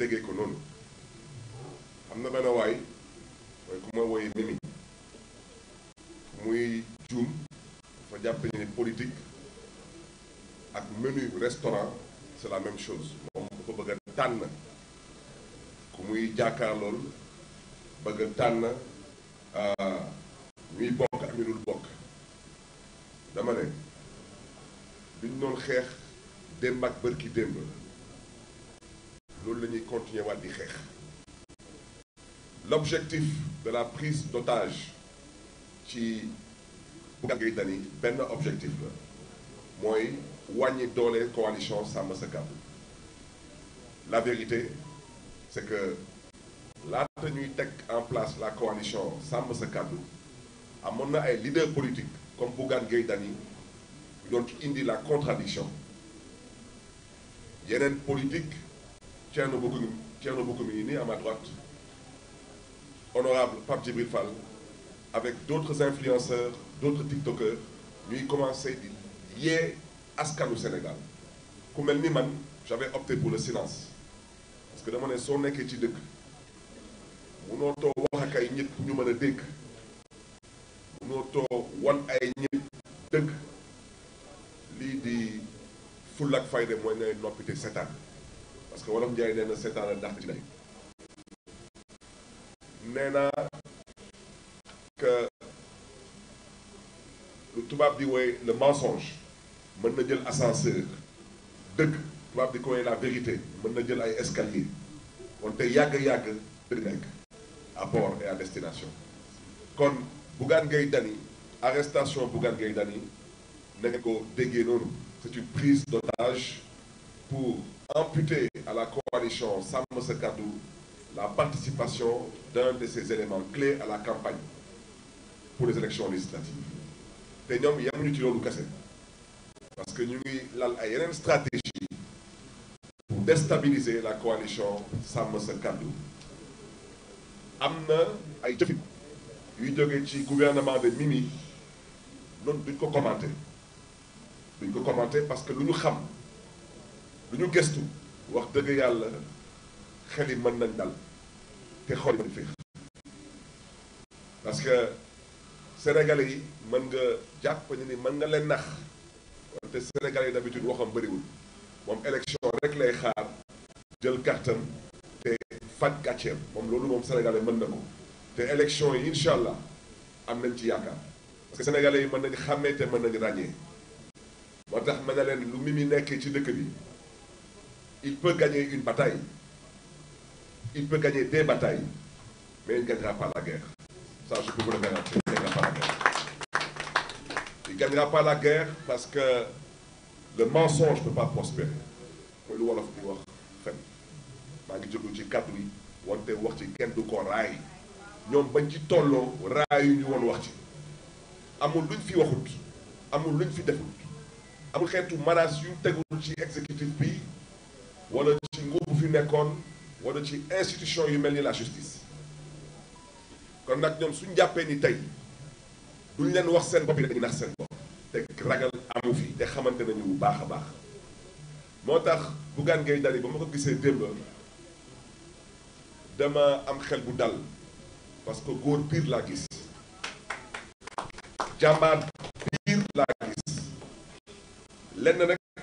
déggee ko noonu am na way waay mooy ku mimi muy djum fa japp ni politique ak menu restaurant c'est la même chose mom ko bëgg tan tànn ku muy jaakaar lool bëgg tan euh ñuy bokk ak ñu dul dama né biñ doon xex démb ak bërki démb l'objectif de la prise d'otage qui Bougane Gueye ni benn objectif moi faire wàññi coalition sans M. la vérité c'est que la tenue tech en place la coalition M. à à mon ay leader politique comme Bougane Gueye dit la ci indi la contradiction une politique Tierno Bokoumi, né à ma droite, honorable Pape Djibril Fall, avec d'autres influenceurs, d'autres TikTokers, nous commençait à à Askan au Sénégal. Comme elle j'avais opté pour le silence. Parce que dans mon son on parce que wolof Ndiaye nee na ci que di le mensonge mën na jël ascenseur dëgg y di la vérité mën jël ay escalier On yàgg-yàgg à port et à destination kon Bougane Dany arrestation Bougane Dany na nga c'est une prise d'otage pour amputer à la coalition Sam Kadou la participation d'un de ces éléments clés à la campagne pour les élections législatives. parce que nous avons une stratégie pour déstabiliser la coalition Sam Sekadu. Nous, nous ay gouvernement de Mimi ne pouvons ko commenter pouvons ko commenter parce que nous savons xam nous wax dëgg yàlla xel yi mën nañ dal te xol yi féex parce que sénégalais yi mën nga jàpp ni mën nga leen nax te sénégalais yi d'habitude waxam bëriwul moom élection rek lay xaar jël kàttan te faj gàcceem moom loolu moom sénégalais mën na ko te élection yi incha allah am nañ ci yaakaar parce que sénégalais yi mën nañ xàmmee te mën nañ ràññee moo tax mën na leen lu mi mi nekkee ci dëkk bi il peut gagner une bataille, il peut gagner des batailles, mais il ne gagnera pas la guerre. Ça, je peux vous le garantir, il ne gagnera pas la guerre. Il ne gagnera pas la guerre parce que le mensonge ne peut pas prospérer wala ci nguur fi nekkoon wala ci institution yu mel ni la justice kon nag ñoom suñ jàppee ni tey duñ leen wax seen bopp yi dañuy nax seen bopp te ragal amu fi te xamante nañu bu baax a baax moo tax Bougane ngay Dany ba ma ko gisee démb dama am xel bu dal parce que góor pire laa gis jàmbaar pire laa gis lenn rek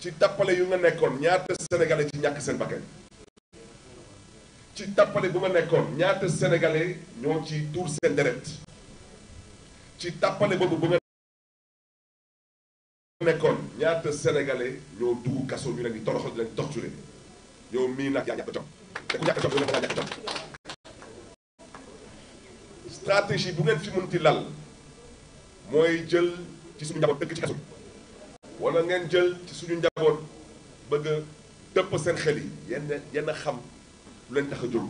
ci tappale yu nga nekkoon ñaata sénégalais ci ñàkk seen bakkan ci bu nga nekkoon ñaata sénégalais ñoo ci tuur seen deret ci tappale boobu bu nga nekkoon ñaata sénégalais ñoo dugg kaso ñu leen di toroxal leen torturé yow mii nag yaa ñàkk jom te stratégie bu ngeen fi mënti lal mooy jël ci suñu njaboot dëgg ci kaso wala ngeen jël ci suñu njaboot bëgg a dëpp seen xel yi yenn yenn xam lu leen tax a jóg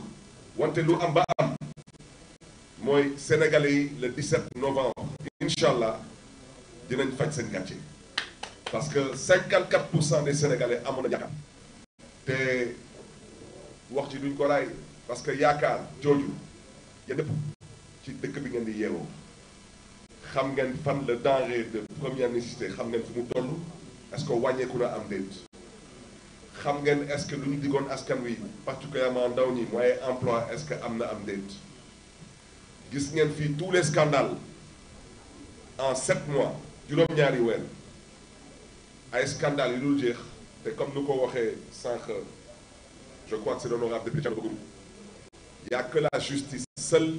wante lu am ba am mooy sénégalais yi le 17 novembre incha allah dinañ faj seen gàcce parce que 54 pour cent des sénégalais amoon na yaakaar te wax ci duñ ko raay parce que yaakaar jooju yéen ñëpp ci dëkk bi ngeen di yeewoo xam ngeen le danger de première nécessité xam ngeen fu mu toll est-ce que wàññeeku na am déet xam ngeen est-ce que lu ñu diggoon askan wi particulièrement ndaw ñi emploi est-ce que am na am déet gis ngeen fii tous les scandales en sept mois juróom-ñaari weer ay scandales yu nous jeex te comme nu ko sans. sànq je crois que c'est l'honorable député Thiam Bogoum y a que la justice seule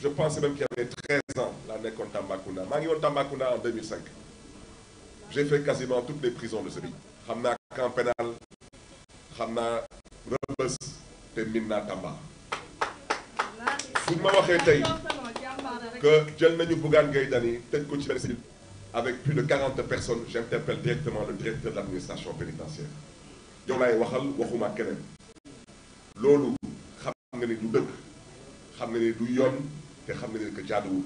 je pensais même qu'il y avait 13 ans l'année qu'on Tambacounda maa ngi en 2005 j'ai fait quasiment toutes les prisons de ce pays xam camp pénal xam naa te Tamba suñ ma waxee que jël nañu Bougane Gueye avec plus de 40 personnes j'interpelle directement le directeur de l'administration pénitentiaire Je laay waxal waxuma keneen loolu xam ni du te ne que jaaduwul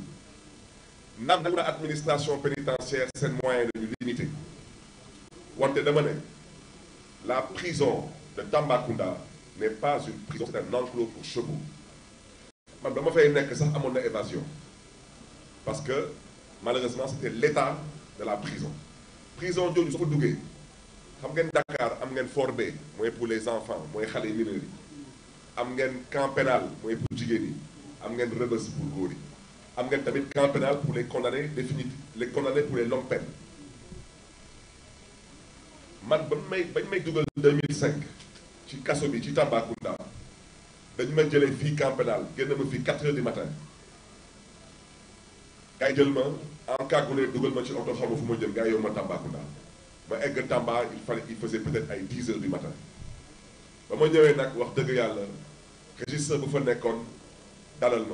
nan na administration pénitentiaire seen moyen de limité wante dama ne la prison de Tambacounda n'est pas une prison c'est un enclos pour chevaux man ba ma fay nekk sax amoon évasion parce que malheureusement c'était l'état de la prison prison jooju soo ko duggee xam Dakar am ngeen Fort pour les enfants mooy xale mineurs yi am camp pénal mooy pour jigéen am ngeen rëbës pour gori yi am tamit camp pénal pour les condamnés définitifs les condamnés pour les longues peines man ba may bañ may dougal 2005 ci kasso bi ci Tambacounda dañ ma jëlee fi camp pénal génn ma 4 heures du matin gars yi jël ma cagoulé dougal ma ci auto xaw ma fu ma jëm gars yi yow ma Tambacounda ma egg Tamba il fallait il faisait peut-être ay 10 heures du matin ba ma ñëwee nak wax dëgg yalla registre bu fa nekkoon dalal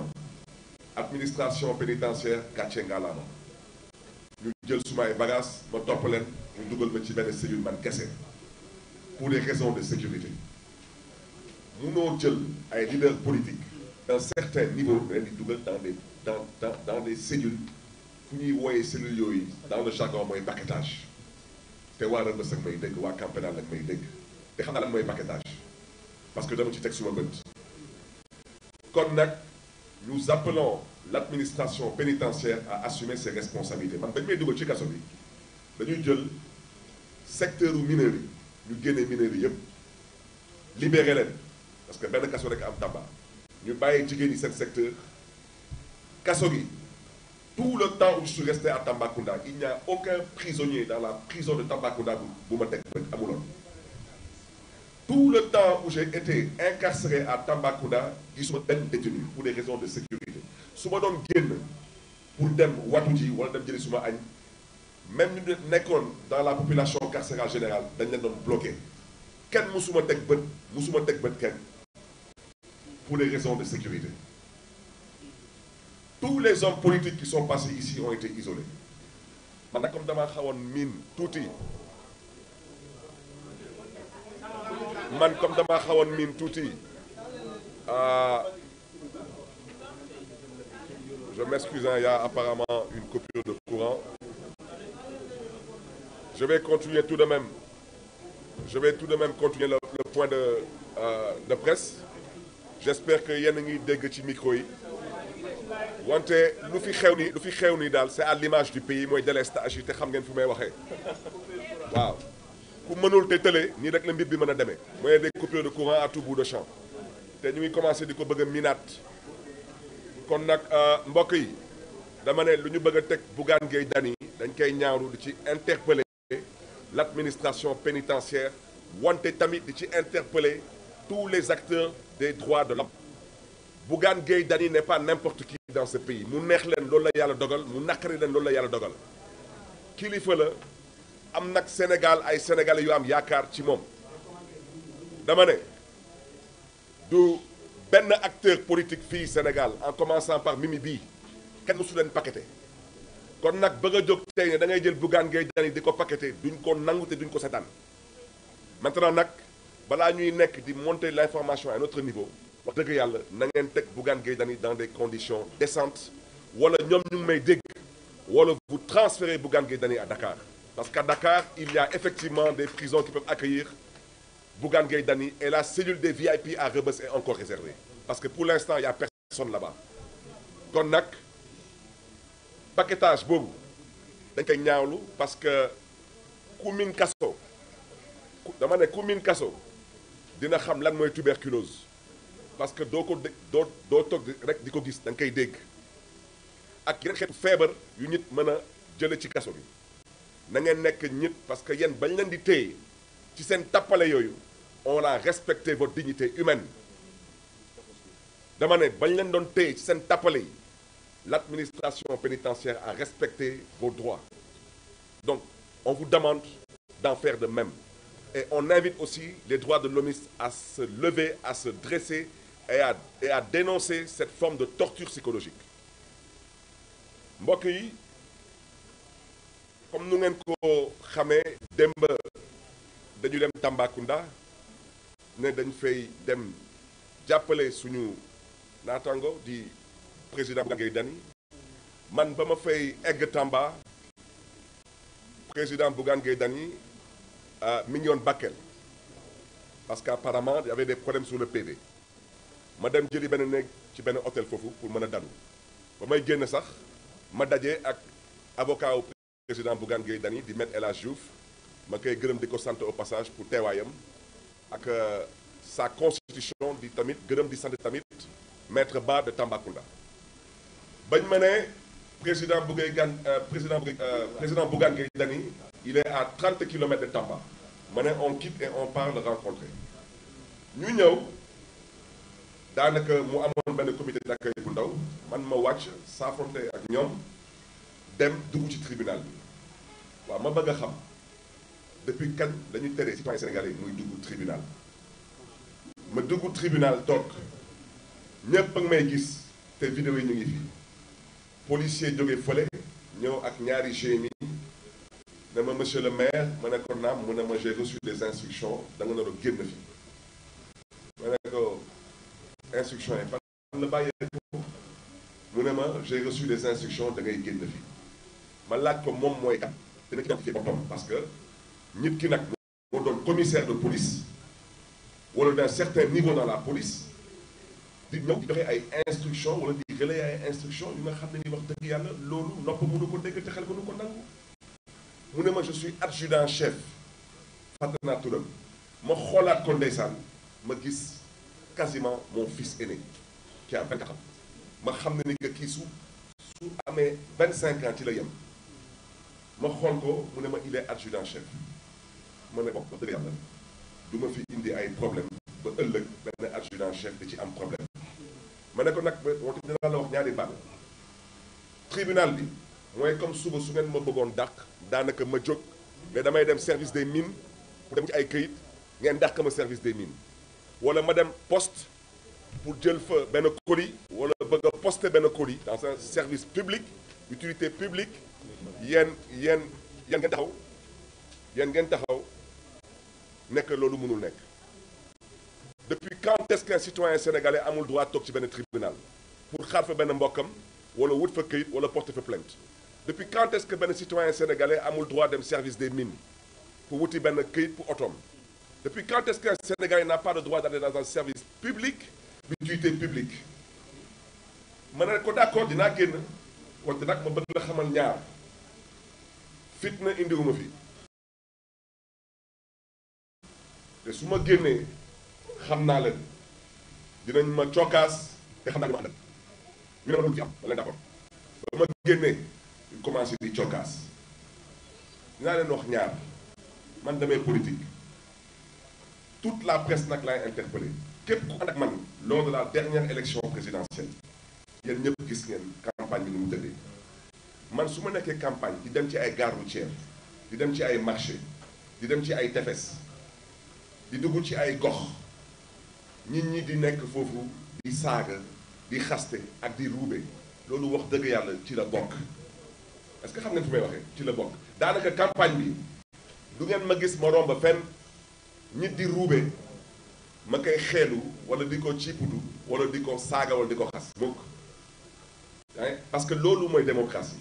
administration pénitentiaire gàcce ngalaama ñu jël suma ay bagages ma topp leen ñu dugal des ci benn cellule man kese pour des raisons de sécurité munoo jël ay leaders politiques d'un certain niveau di dugal dans des dans dans dans des cellules fu ñuy wooyee cellules dans le jargon mooy paquetage te waa Rebeuss ak may dégg waa Camp Pénal ak may dégg te xam lan mooy paquetage parce que dama ci teg suma bët kon nag nous appelons l'administration pénitentiaire à assumer ses responsabilités man le may secteur minier, nous yi ñu génne mineurs les parce que nous kaso rek am Tamba ñu bàyyi jigéen ñi secteur kaso tout le temps où je suis resté à Tambacounda il n'y a aucun prisonnier dans la prison de Tambacounda pour ma teg tout le temps où j'ai été incarcéré à Tambacounda gisuma benn détenus pour des raisons de sécurité Souma ma doon pour dem watu ji wala dem jëli Souma añ même ñu nekkoon dans la population carcérale générale dañ leen doon bloqué Ken musuma teg bët musuma pour des raisons de sécurité tous les hommes politiques qui sont passés ici ont été isolés man comme damaa xawoon miin tuuti man comme damaa xawoon min touti. Ah, je m'excuse hein, il y a apparemment une coupure de courant je vais continuer tout de même je vais tout de même continuer le, point de euh, de presse j'espère que yenn a ngi dégg ci micro yi wante lu fi xew ni lu fi xew ni c'est à l'image du pays moy délestage yi te xam ngeen fumay waxé waxee ku mënul télé, ni nii rek la mbir bi mën a des coupures de courant à tout bout de champ té ñu ngi commencé diko minat. bëgg a kon nak euh, mbokk yi dama ne lu ñu bëgg a Bougane Gueye dañ koy ñaaru ci interpeller l'administration pénitentiaire wanté tamit di ci interpeller tous les acteurs des droits de l'homme Bougane Gueye dani n'est pas n'importe qui dans ce pays mu neex leen loolu la yalla dogal mu nakari leen loolu la yalla dogal kilifa la am nak Sénégal ay sénégalais yu am yaakaar ci moom dama ne du benn acteur politique fii Sénégal en commençant par Mimi bii kenn su leen paqueté kon nag bëgg a jóg tey ne da ngay jël Bougane Gueye dani di ko paqueté duñ ko nangu te duñ ko seetaan maintenant nag balaa ñuy nekk di monter l' information à autre niveau wax dëgg yàlla na ngeen teg Bougane Gueye dani dans des conditions décentes wala ñoom ñu may dégg wala vous transférez Bougane Gueye dani à Dakar parce qu'à Dakar, il y a effectivement des prisons qui peuvent accueillir Bougan Gaydani et la cellule des VIP à Rebus est encore réservée. Parce que pour l'instant, il n'y a personne là-bas. Konak, paquetage, boum, parce que Kumin Kasso, demandez Koumin Kasso, dina xam lan mooy tuberculose parce que doo ko doo doo rek di ko gis da nga ak yeneen xeetu yu nit ci na ngeen nekk parce que yéen bañ leen di téye ci seen les on a respecté votre dignité humaine dama ne bañ leen ci l'administration pénitentiaire a respecté vos droits donc on vous demande d'en faire de même et on invite aussi les droits de l'homiste à se lever à se dresser et à dénoncer cette forme de torture psychologique mbokk yi comme nous ngeen ko xamee démb dañu dem nous avons dañ fay dem jàppale suñu naataango di président Gueye man ba ma fay egg Tamba président Bougane Gueye Dany euh, mi Bakel parce qu'apparemment il y avait des problèmes sur le PV Madame dem jëli benn néeg ci benn hôtel foofu pour mën a dalu ba may génn sax ma daje ak avocat au président Bougane gaidani, Dany di El Ajouf. Je au passage pour teewaayam ak euh, sa constitution di tamit gërëm di de tamit maître bar de Tambakunda. bañ ma président Bougane euh, président euh, président il est à 30 kilomètres de Tamba Maintenant, on quitte et on parle le rencontrer Nous, dans le mu ben comité d'accueil bu ndaw man ma wàcc s'affronter avec nous, dem suis ci tribunal bi ma bëgg xam depuis tribunal, dañu sénégalais je suis tribunal ma dugg tribunal toog suis ak may gis te vidéo yi ñu ngi fi policier ñëw ak monsieur le maire j'ai reçu des instructions da nga nar instruction j'ai reçu des instructions da ngay génn fi ma laaj ko moom mooy kan dina identifier boppam parce que nit ki nag moo doon commissaire de police wala d'un certain niveau dans la police di ñëw di joxe ay instruction wala di relayer ay instruction yu nga xam ne ni wax dëgg yàlla loolu nopp mënu ko dégg te xel mënu ko nangu mu ne ma je suis adjudant chef fàtte naa turam ma xoolaat ko ndeysaan ma gis quasiment mon fils aîné qui a vingt ans ma xam ne ni que kii su su amee vingt cinq ans ci la yem ma xool ko mu ne ma il est adjudant chef ma ne wax dëgg yàlla du ma fi indi ay problème ba ëllëg benn adjudant chef di ci am problème ma ne ko nag wax dinaa la wax ñaari baat tribunal bi mooy comme suba su ngeen ma bëggoon dàq daanaka ma jóg mais damay dem service des mines pour dem ci ay këyit ngeen dàq ma service des mines wala ma dem poste pour jël fa benn colis wala bëgg a poster benn colis dans un service public utilité publique depuis quand est-ce qu'un citoyen sénégalais a le droit de ci un tribunal pour faire un benn ou wala wut fa këyit porter plainte depuis quand est-ce que citoyen sénégalais le droit dem service des mines pour faire un këyit pour depuis quand est-ce qu'un sénégalais n'a pas le droit d'aller dans un service public d'utilité publique ma ne ko d'accord dinaa génn je suis ma bëgg la xamal ñaar fitna indiwuma fi te su ma génnee xam naa leen ma cokkaas te xam naa li ma àndal ci am ma leen d'accord suis ma génnee ñu commencé di cokkaas dinaa wax ñaar man damay politique toute la presse nag laay interpellé képp ku ànd ak man lors de la dernière élection présidentielle il ñëpp gis ngeen campagne de mu man suma campagne di dem ci ay gare routière di dem ci ay marché di dem ci ay tefes di dugg ci ay nit ñi di nekk foofu di saaga di xaste ak di la bok. est-ce que xam ngeen fu ci la bokk daanaka campagne bi du ngeen ma gis ma romba fenn nit di ruube ma koy xeelu di wala di wala di hein? parce que loolu mooy démocratie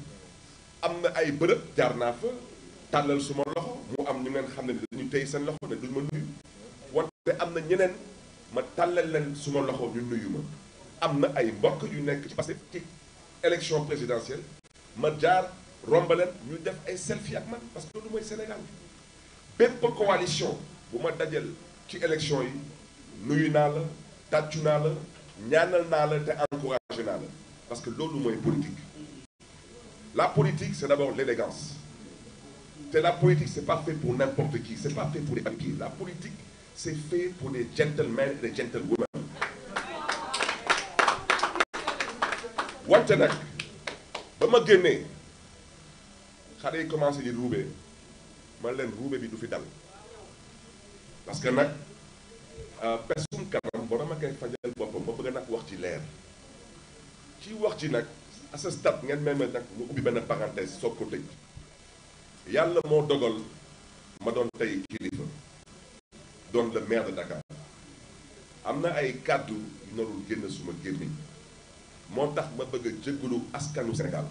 amna ay beureup jaar naa fa tàllal suma loxo mu am ñu ngeen xamne ne dañu tey seen loxo ne duñ ma nuyu wante amna ñeneen ma talal leen suma loxo ñu nuyu ma am ay mbokk yu nekk ci Pastef ci élection présidentielle ma jaar rombaleen ñu def ay selfie ak man parce que loolu mooy Sénégal bépp coalition bu ma dajal ci élection yi nuyu naa la tàccu naa la ñaanal naa la te encouragé naa la parce que loolu mooy politique la politique, c'est d'abord l'élégance. La politique, c'est pas fait pour n'importe qui, c'est pas fait pour les banquiers. La politique, c'est fait pour les gentlemen les gentlewomen. je ba ma Je je commencer je parce que nag me qui Je Bon, wax ci ci à ce stade ngeen may ma nag mu ubbi benn parenthèse soog ko tëj yàlla moo dogal ma doon tey kilifa doon le maire de Dakar am na ay kàddu yu narul génn suma gémmiñ moo tax ma bëgg a jéggalu askanu Sénégal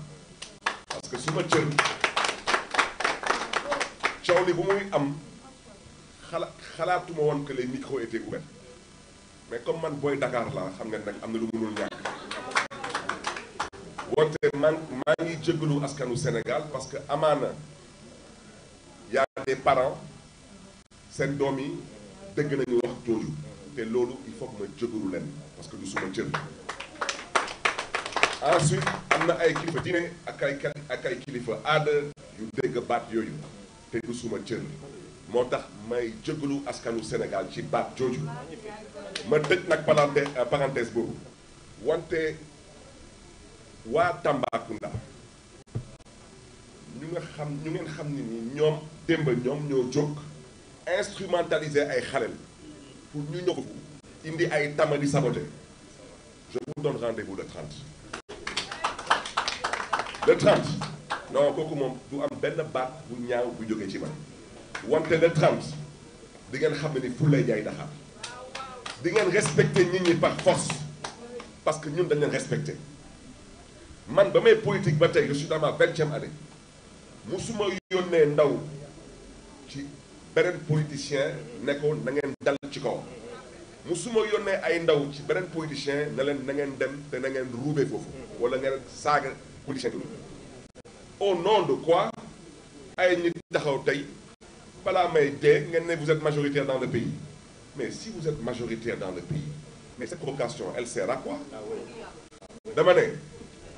parce que suma cër coow bu muy am xala xalaatuma woon que les mikro étaient ouverts mais comme man booy Dakar la xam nga nag am na lu mënul ñaa wante man maa ngi askanu Sénégal parce que y a des parents seen doom dégg nañu wax il faut que ma jéggalu parce que du suma ensuite am na ay kilifa diine ak ay ak ay kilifa aada yu dégg baat yooyu te du suma suis may askanu Sénégal ci baat jooju ma tëj nag parenthèse parenthèse waa ñu xam ñu xam ni ñoo instrumentaliser ay pour ñu indi ay je vous donne rendez-vous le 30 le 30 non mom du am benn baat bu ci man le 30 di ngeen xam ni fu lay jaay di respecter nit ñi par force parce que ñun dañ leen respecter man ba may politique je suis dans ma année musuma yonne ndaw ci politicien ne na ngeen dal ci kaw musuma yonne ay ndaw ci politicien ne na ngeen dem te na ngeen wala ngeen politicien au nom de quoi ay nit taxaw tay may vous êtes majoritaire dans le pays mais si vous êtes majoritaire dans le pays mais cette provocation elle sert à quoi dama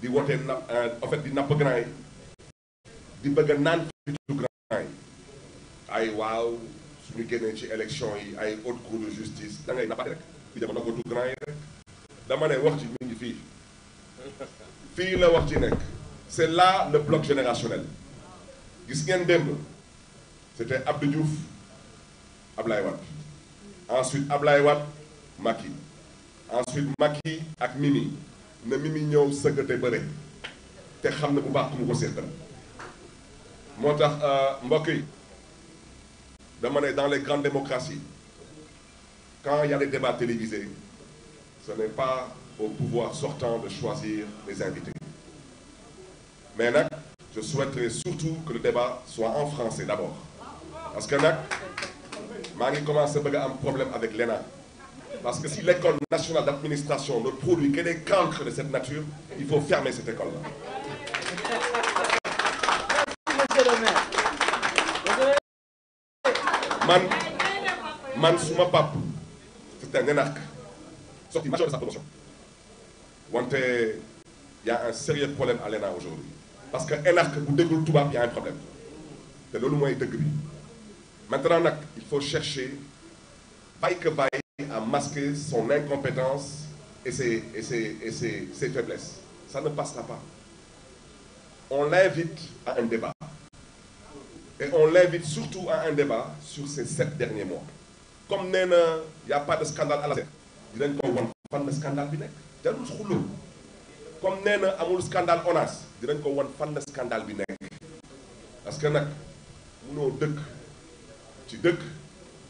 di woté na euh, en fait di napp grand di bëgg a naan fitu grand ay waaw suñu génnee ci élection yi ay haute cour de justice da ngay nappaati rek di dama na ko du grand rek dama né wax ci mi ngi fi fii la wax ci nek c'est là le bloc générationnel gis ngeen démb c'était Abdou Diouf Ablaye wat ensuite Ablaye wat Macky ensuite Macky ak Mimi na mi mi bu baax mu ko euh, dans les grandes démocraties quand il y a des débats télévisés ce n'est pas au pouvoir sortant de choisir les invités mais je souhaiterais surtout que le débat soit en français d'abord parce que nag commence à problème avec l'ENA parce que si l'école nationale d'administration ne produit que des cancres de cette nature, il faut fermer cette école-là. Man, man Souma Pap, c'est un énarque, sorti major de sa promotion. Il y a un sérieux problème à l'ENA aujourd'hui. Parce que énarque, vous dégoulez tout bas, il y a un problème. C'est le moins de gris. Maintenant, il faut chercher, vaille que masquer son incompétence et ses, et ses, et ses, faiblesses. Ça ne passera pas. On l'invite à un débat. Et on l'invite surtout à un débat sur ces sept derniers mois. Comme il n'y a pas de scandale à la tête, il pas de scandale. Comme il n'y a pas de scandale on a, il n'y a pas de scandale. Parce que nous, nous, tu nous,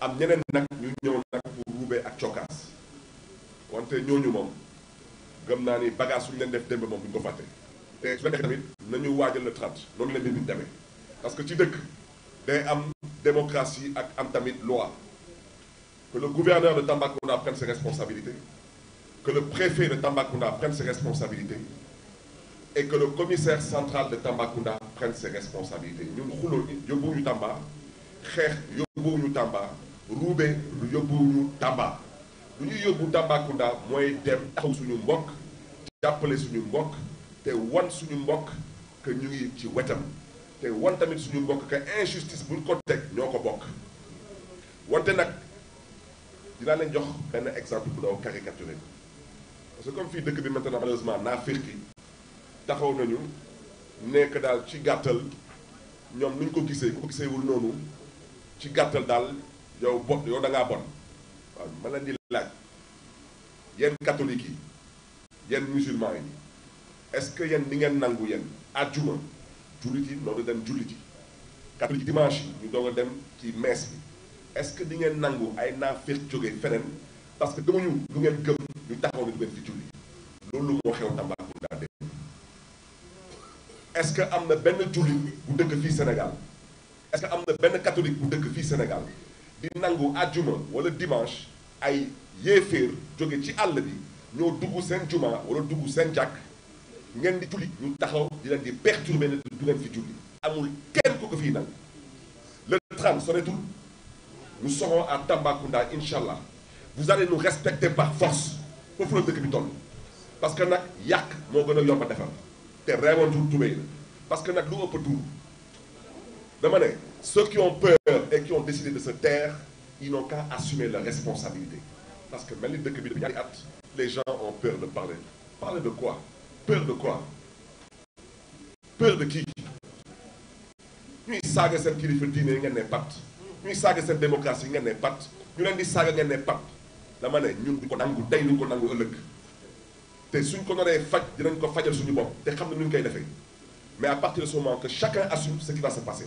am ñeneen nag ñu ñëw nag pour ruubee ak cokkaas wante ñooñu moom gëm naa ni bagage suñu leen def démb moom bu ñu ko fàtte te eh, su leen tamit nañu waajal le trente noonu la mbir demee parce que ci dëkk day am démocratie ak am tamit loi que le gouverneur de Tambacounda prenne ses responsabilités que le préfet de Tambacounda prenne ses responsabilités et que le commissaire central de Tambacounda prenne ses responsabilités ñun xuloo yóbbuwuñu Tamba xeex yóbbuwuñu Tamba ruube lu yóbbuñu Tamba lu ñu yóbbu Tambacounda mooy dem taxaw suñu mbokk jàppale suñu mbokk te wan suñu mbokk que ñu ngi ci wetam te wan tamit suñu mbokk que injustice buñ ko teg ñoo ko bokk wante nag dinaa leen jox benn exemple bu daw caricaturé parce que comme fii dëkk bi maintenant malheureusement naa firki taxaw nañu nekk daal ci gàttal ñoom luñ ñu ko gisee ku ko gisee noonu ci gàttal daal yow bo yow da ngaa bon waaw ma laaj yéen catholique yi yenn musulman yi est-ce que yéen di ngeen nangu yéen àjjuma jullit yi noonu dem jullit yi catholique dimanche yi ñu doog dem ci messe yi est-ce que di ngeen nangu ay naafeq jóge feneen parce que dama ñu lu ngeen gëm ñu taxaw ne du ngeen fi julli loolu moo xew Tambacounda dem est-ce que am na benn jullit bu dëkk fii Sénégal est que am na benn catholique bu dëkk fii Sénégal di nangu àjjuma wala dimanche ay yéeféer jóge ci àll bi ñoo dugg sen juma wala dugg sen jàkk ngeen di julli ñu taxaw di leen di perturber ne du ngeen fi julli amul kenn ku ko fi nangu le 30 tout nous serons à Tambacounda inshallah vous allez nous respecter par force foofu la dëkk bi toll parce que nak yak mo gëna a yomb a defar te reewantul tubéy la parce que nak lu ëpp tuur dama manière, ceux qui ont peur et qui ont décidé de se taire ils n'ont qu'à assumer leur responsabilité parce que malgré de dëkk bi ñaari les gens ont peur de parler parler de quoi peur de quoi peur de qui nous savons que kilifa diine yi ngeen nous pat que c'est cette démocratie yi ngeen ne pat ñu leen di saaga ngeen ne pat dama ne ñun du nous nangu tey du ko nangu ëllëg te suñ ko naree faj dinañ ko de suñu bopp te xam ne nu koy mais à partir de ce moment que chacun assume ce qui va se passer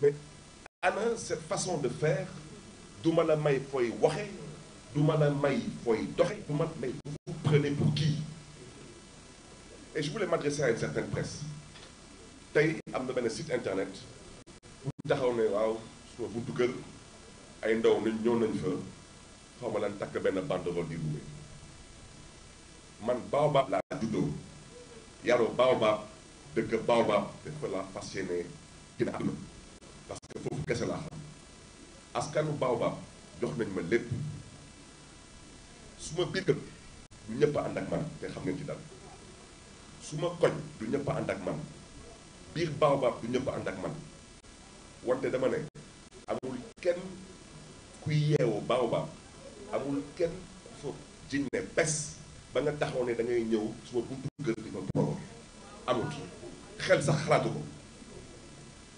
mais cette façon de faire pour qui la may voulais m'adresser à une la may vous prenez pour qui et je voulais m'adresser à une certaine presse internet. am na un site internet taxaw ne waaw suma un ay ndaw vous fa un di man un un parce que foofu kese laa xam askanu Baobab jox nañ ma lépp su ma biir dëkk du ñëpp ànd ak man te xam ngeen ci dal su ma koñ du ñëpp a ànd ak man biir Baobab du ñëpp a ànd ak man wante dama ne amul kenn kuy baaw Baobab amul kenn ku fa jiñ bés ba nga taxaw ne da ñëw su ma buntu kër di ma provoqué amul xel sax xalaatu ko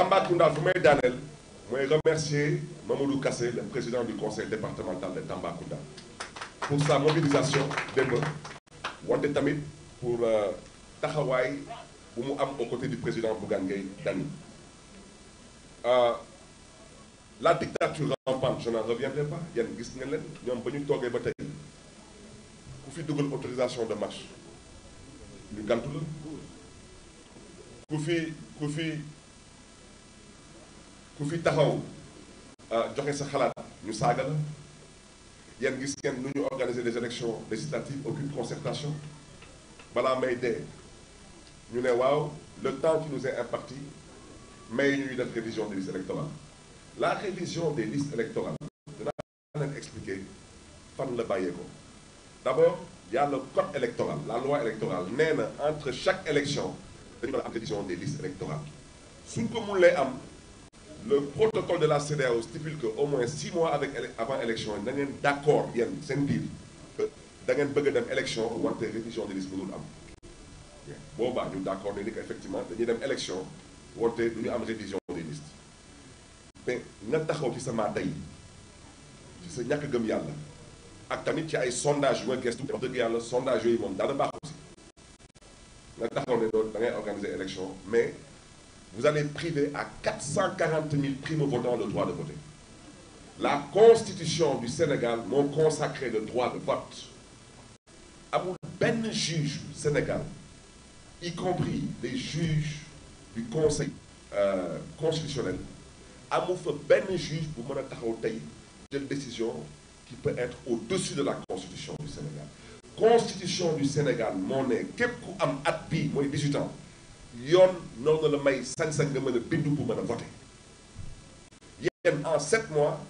Tambacounda fu Danel, daaneel remercier Mamadou Kassé le président du conseil départemental de Tambacounda pour sa mobilisation des wante pour euh, Tahawai, bu mu am aux côtés du président Bougane Dani. Euh, la dictature rampante je n'en reviendrai pas Il y a une ñoom ba ñu toogee ba une ku fi autorisation de marche Le gantu la ku ku fi taxaw ah, joxe sa xalaat ñu Il y a une question nous ñu organiser des élections législatives aucune concertation balaa may ñu ne waaw le temps qui nous est imparti may ñuy def révision des listes électorales la révision des listes électorales je vais expliquer fan la bàyyee ko d'abord y a le code électoral la loi électorale nee entre chaque élection dañu la révision des listes électorales Si nous mun le protocole de la CDAO stipule qu'au moins six mois avec avant élection na d'accord. d'accord, accord une nous biir veut a élection une révision de listes nous am d'accord d'accord, nous que effectivement une élection ou révision des listes mais taxaw ci sama day gëm ak tamit ci ay sondage nous un sondage yooyu moom nous baax aussi nga taxaw ne organiser élection mais vous allez priver à 440 000 primes votants le droit de voter. La Constitution du Sénégal m'a consacré le droit de vote. vous, Ben juge du Sénégal, y compris des juges du Conseil euh, constitutionnel, à fait ben juge pour mën décision qui peut être au-dessus de la constitution du Sénégal constitution du Sénégal mon est am 18 ans il y a may de en 7 mois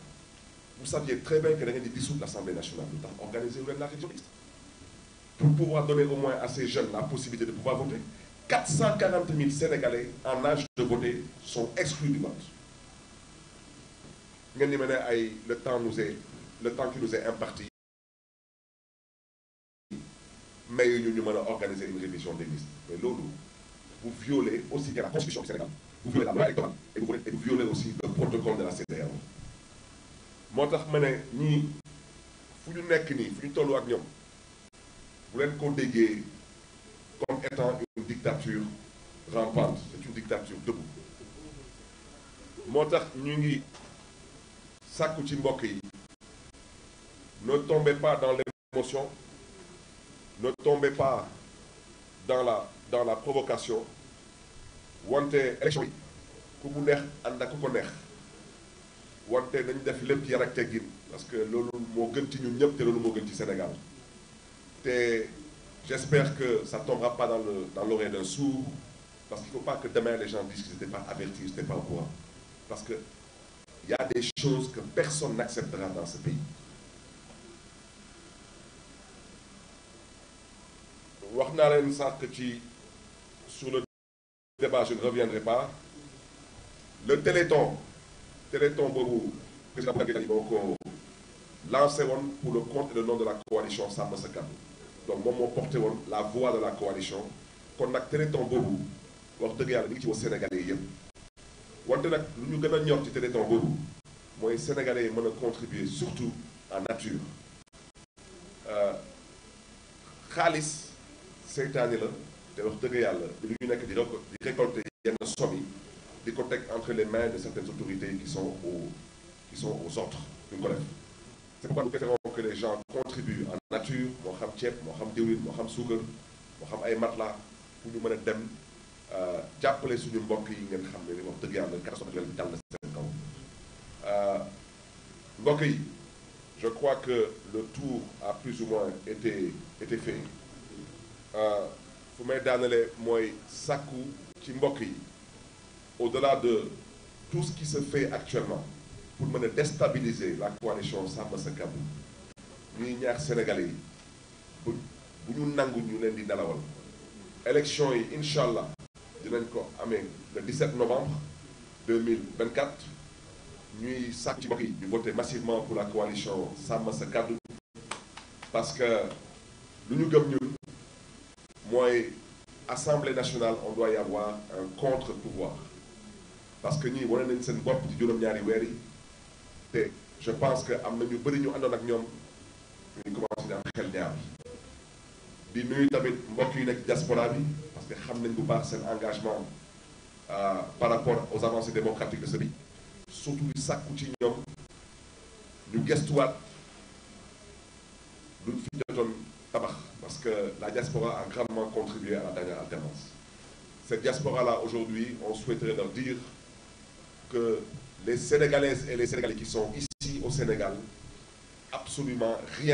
vous saviez très bien que nous de dissous l'Assemblée nationale Nous avons organisé une réunion la pour pouvoir donner au moins à ces jeunes la possibilité de pouvoir voter 440 000 Sénégalais en âge de voter sont exclus du vote le temps nous est le temps qui nous est imparti Mais nous avons organisé une révision des listes mais vous violez aussi la Constitution Sénégal, vous violez la loi et vous, violez, aussi le protocole de la CDR. moo tax ma ne fu ñu fu comme étant une dictature rampante c'est une dictature debout moo ñu ne tombez pas dans l'émotion ne tombez pas dans la dans la provocation wante élection yi ku mu neex ànd ak ku neex wante nañ def lépp yar ak parce que loolu moo gën ci ñun ñëpp te loolu moo Sénégal te j'espère que ça tombera pas dans le dans l'oreille d'un sourd parce qu'il faut pas que demain les gens disent qu'ils n'étaient pas avertis, qu'ils n'étaient pas au courant parce que il y a des choses que personne n'acceptera dans ce pays wax naa leen sànq ci sur le débat, je ne reviendrai pas. Le Téléthon, Téléthon Bobo, président lancé pour le compte et le nom de la coalition Sam Donc, moi, je porté la voix de la coalition. Kon nag téléthon Borou, wax dëgg yàlla ñu sénégalais Quand on nag lu ñu gën ñor ci sénégalais je contribué surtout contribuer surtout en nature cette euh, année-là, te wax dëgg yàlla bi lu ñu nekk di di récolter yenn somme yi di ko teg entre les mains de certaines autorités qui sont au qui sont aux ordres duñu ko def c'est pourquoi nous préférons que les gens contribuent en nature moo xam ceeb moo xam diwlin moo xam suukar moo xam ay matelas pour ñu mën a dem euh, jàppale suñu mbokk yi ngeen xam ne wax dëgg yàlla catastrophe bi dal na seen kaw euh, mbokk yi je crois que le tour a plus ou moins été été fait. Euh, au-delà de tout ce qui se fait actuellement pour déstabiliser la coalition Sama Nous, sommes Sénégalais nous sommes en ñu de nous L'élection di élection le 17 novembre 2024 Nous, sommes ci massivement pour la coalition Sama parce que nous ñu nous moi, assemblée nationale on doit y avoir un contre-pouvoir parce que nous, wane nañ une boîte ci juróom-ñaari je pense que am na ñu nous ñu àndoon ak nous en commencé Nous, am xel ñaar di nuyu tamit mbokk yi diaspora parce que nous nañ bu baax engagement euh, par rapport aux avancées démocratiques de ce pays surtout ça, Nous ci ñoom ñu gestuwaat de fi parce que la diaspora a grandement contribué à la dernière alternance. Cette diaspora-là, aujourd'hui, on souhaiterait leur dire que les Sénégalaises et les Sénégalais qui sont ici au Sénégal, absolument rien